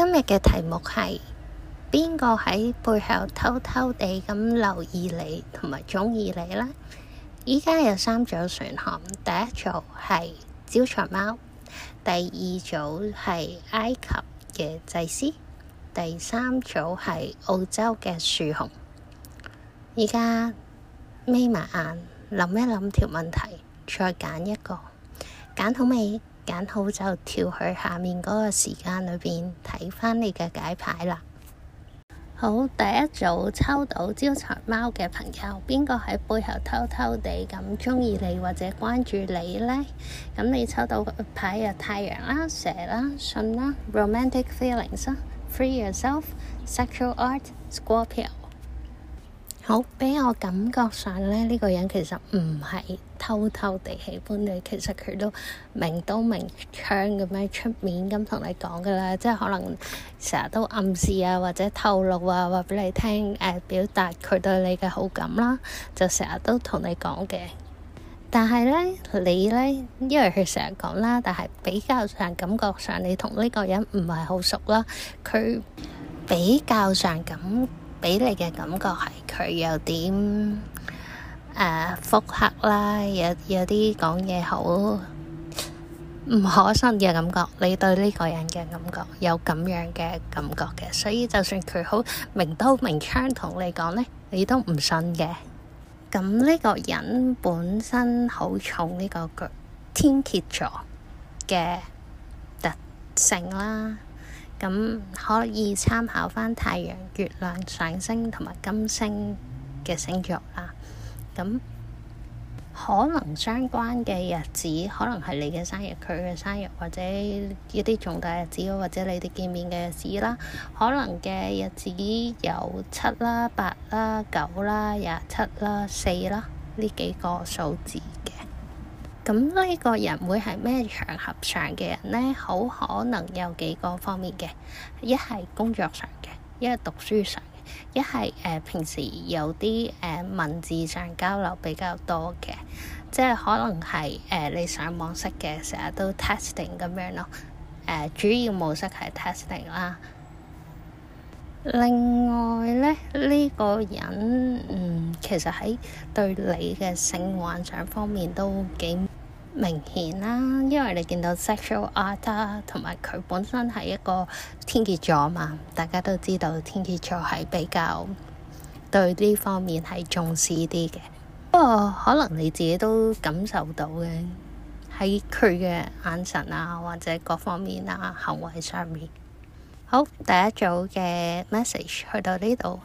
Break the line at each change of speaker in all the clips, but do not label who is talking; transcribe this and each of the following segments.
今日嘅題目係邊個喺背後偷偷地咁留意你同埋鍾意你咧？而家有三組選項，第一組係招財貓，第二組係埃及嘅祭司，第三組係澳洲嘅樹熊。而家眯埋眼諗一諗條問題，再揀一個，揀好未？揀好就跳去下面嗰個時間裏邊睇翻你嘅解牌啦。好，第一組抽到招財貓嘅朋友，邊個喺背後偷偷地咁中意你或者關注你呢？咁你抽到個牌啊，太陽啦，蛇啦，信啦，Romantic feelings 啊，Free yourself，Sexual Art，Squaw Pie 我畀我感覺上咧，呢個人其實唔係偷偷地喜歡你，其實佢都明刀明槍咁樣出面咁同你講噶啦，即係可能成日都暗示啊，或者透露啊，話畀你聽，誒，表達佢對你嘅好感啦，就成日都同你講嘅。但係咧，你咧，因為佢成日講啦，但係比較上感覺上你同呢個人唔係好熟啦，佢比較上咁。畀你嘅感覺係佢有點誒腹黑啦，有啲講嘢好唔可信嘅感覺，你對呢個人嘅感覺有咁樣嘅感覺嘅，所以就算佢好明刀明槍同你講呢，你都唔信嘅。咁呢個人本身好重呢、呢個巨天蠍座嘅特性啦。咁可以參考返太陽、月亮、上升同埋金星嘅星座啦。咁可能相關嘅日子，可能係你嘅生日、佢嘅生日，或者一啲重大日子，或者你哋見面嘅日子啦。可能嘅日子有七啦、八啦、九啦、廿七啦、四啦呢幾個數字。咁呢個人會係咩場合上嘅人呢？好可能有幾個方面嘅，一係工作上嘅，一係讀書上嘅，一係誒、呃、平時有啲誒、呃、文字上交流比較多嘅，即係可能係誒、呃、你上網識嘅，成日都 testing 咁樣咯。誒、呃、主要模式係 testing 啦。另外咧，呢、呢個人嗯，其實喺對你嘅性幻想方面都幾～明顯啦，因為你見到 sexual art 同埋佢本身係一個天蠍座嘛，大家都知道天蠍座係比較對呢方面係重視啲嘅。不過可能你自己都感受到嘅，喺佢嘅眼神啊，或者各方面啊行為上面。好，第一組嘅 message 去到呢度。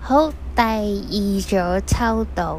好，第二組抽到。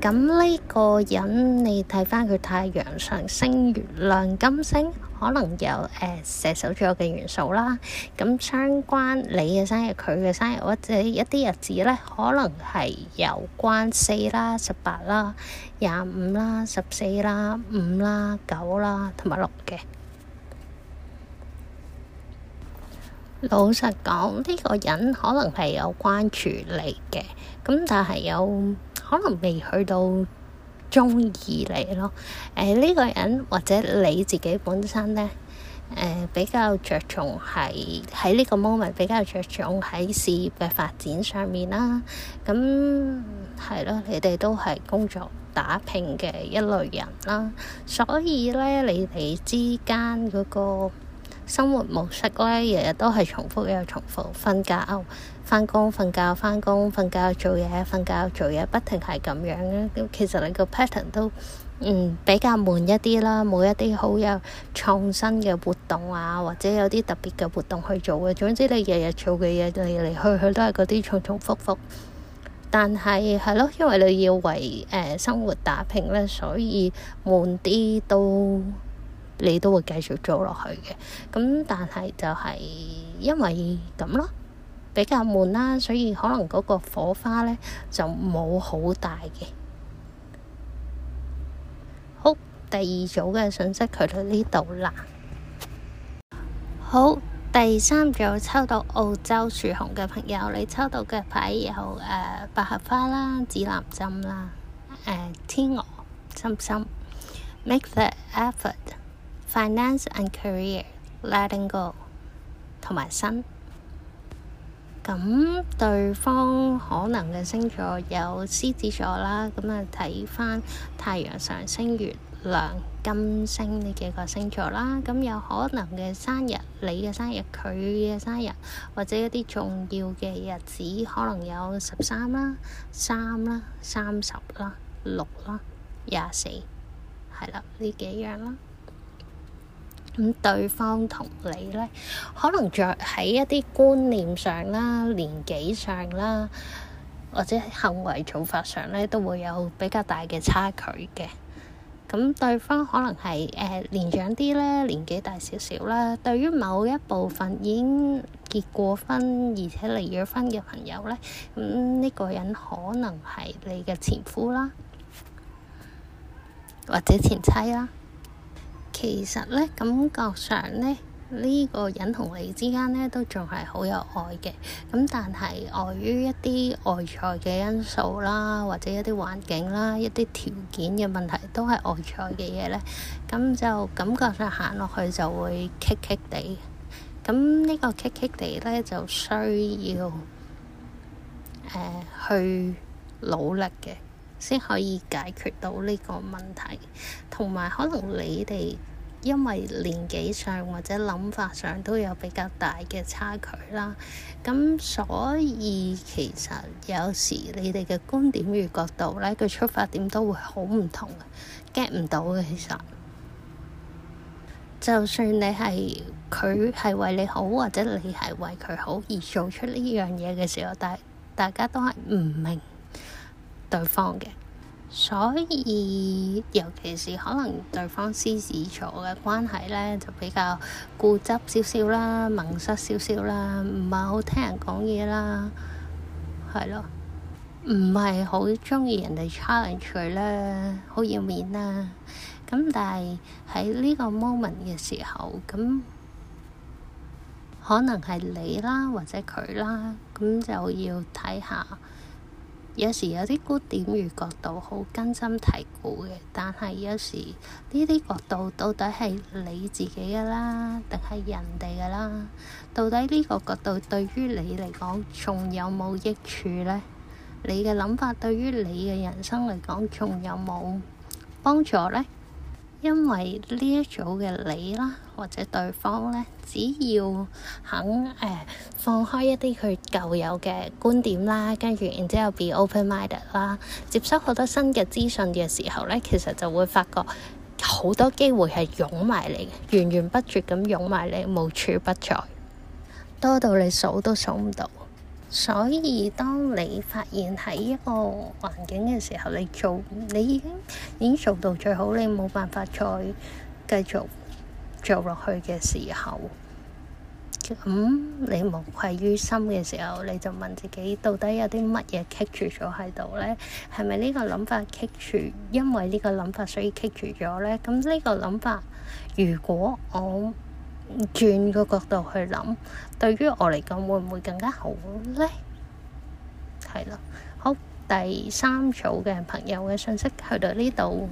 咁呢個人，你睇返佢太陽上升月亮金星，可能有誒、呃、射手座嘅元素啦。咁相關你嘅生日、佢嘅生日或者一啲日子咧，可能係有關四啦、十八啦、廿五啦、十四啦、五啦、九啦同埋六嘅。老實講，呢個人可能係有關注你嘅，咁但係有可能未去到中意你咯。誒、呃，呢個人或者你自己本身咧，誒、呃、比較着重係喺呢個 moment 比較着重喺事業嘅發展上面啦。咁係咯，你哋都係工作打拼嘅一類人啦，所以咧，你哋之間嗰個生活模式咧，日日都係重複又重複，瞓覺、翻工、瞓覺、翻工、瞓覺、做嘢、瞓覺、做嘢，不停係咁樣咧。咁其實你個 pattern 都嗯比較悶一啲啦，冇一啲好有創新嘅活動啊，或者有啲特別嘅活動去做嘅。總之你日日做嘅嘢嚟嚟去去都係嗰啲重重複複，但係係咯，因為你要為誒、呃、生活打拼咧，所以悶啲都，你都會繼續做落去嘅，咁但係就係因為咁咯，比較悶啦，所以可能嗰個火花咧就冇好大嘅。好，第二組嘅信息佢到呢度啦。好，第三組抽到澳洲樹熊嘅朋友，你抽到嘅牌有誒百合花啦、指南針啦、誒、呃、天鵝針針，Make the effort。Finance and career, Letting go 同埋新咁，對方可能嘅星座有獅子座啦。咁啊，睇返太陽上升、月亮、金星呢幾個星座啦。咁有可能嘅生日，你嘅生日，佢嘅生日，或者一啲重要嘅日子，可能有十三啦、三啦、三十啦、六啦、廿四，係啦，呢幾樣啦。咁對方同你咧，可能着喺一啲觀念上啦、年紀上啦，或者行為做法上咧，都會有比較大嘅差距嘅。咁對方可能係誒、呃、年長啲啦，年紀大少少啦。對於某一部分已經結過婚而且離咗婚嘅朋友咧，咁呢個人可能係你嘅前夫啦，或者前妻啦。其實呢，感覺上呢，呢個人同你之間呢都仲係好有愛嘅。咁但係礙於一啲外在嘅因素啦，或者一啲環境啦、一啲條件嘅問題，都係外在嘅嘢呢。咁就感覺上行落去就會棘棘地。咁呢個棘棘地呢就需要、呃、去努力嘅。先可以解決到呢個問題，同埋可能你哋因為年紀上或者諗法上都有比較大嘅差距啦，咁所以其實有時你哋嘅觀點與角度咧，佢出發點都會好唔同嘅，get 唔到嘅其實。就算你係佢係為你好，或者你係為佢好而做出呢樣嘢嘅時候，但大家都係唔明，對方嘅，所以尤其是可能對方獅子座嘅關係咧，就比較固執少少啦，矇塞少少啦，唔係好聽人講嘢啦，係咯，唔係好中意人哋 challenge 佢啦，好要面啦。咁但係喺呢個 moment 嘅時候，咁可能係你啦，或者佢啦，咁就要睇下。有時有啲觀點與角度好根深蒂固嘅，但係有時呢啲角度到底係你自己嘅啦，定係人哋嘅啦？到底呢個角度對於你嚟講仲有冇益處呢？你嘅諗法對於你嘅人生嚟講仲有冇幫助呢？因為呢一組嘅你啦，或者對方咧，只要肯誒、呃、放開一啲佢舊有嘅觀點啦，跟住然之後，後 be open minded 啦，接收好多新嘅資訊嘅時候咧，其實就會發覺好多機會係湧埋嚟，源源不絕咁湧埋嚟，無處不在，多到你數都數唔到。所以，當你發現喺一個環境嘅時候，你做，你已經已經做到最好，你冇辦法再繼續做落去嘅時候，咁你無愧於心嘅時候，你就問自己，到底有啲乜嘢棘住咗喺度咧？係咪呢個諗法棘住？因為呢個諗法所以棘住咗咧？咁呢個諗法，如果我轉個角度去諗，對於我嚟講會唔會更加好呢？係喇，好，第三組嘅朋友嘅信息去到呢度。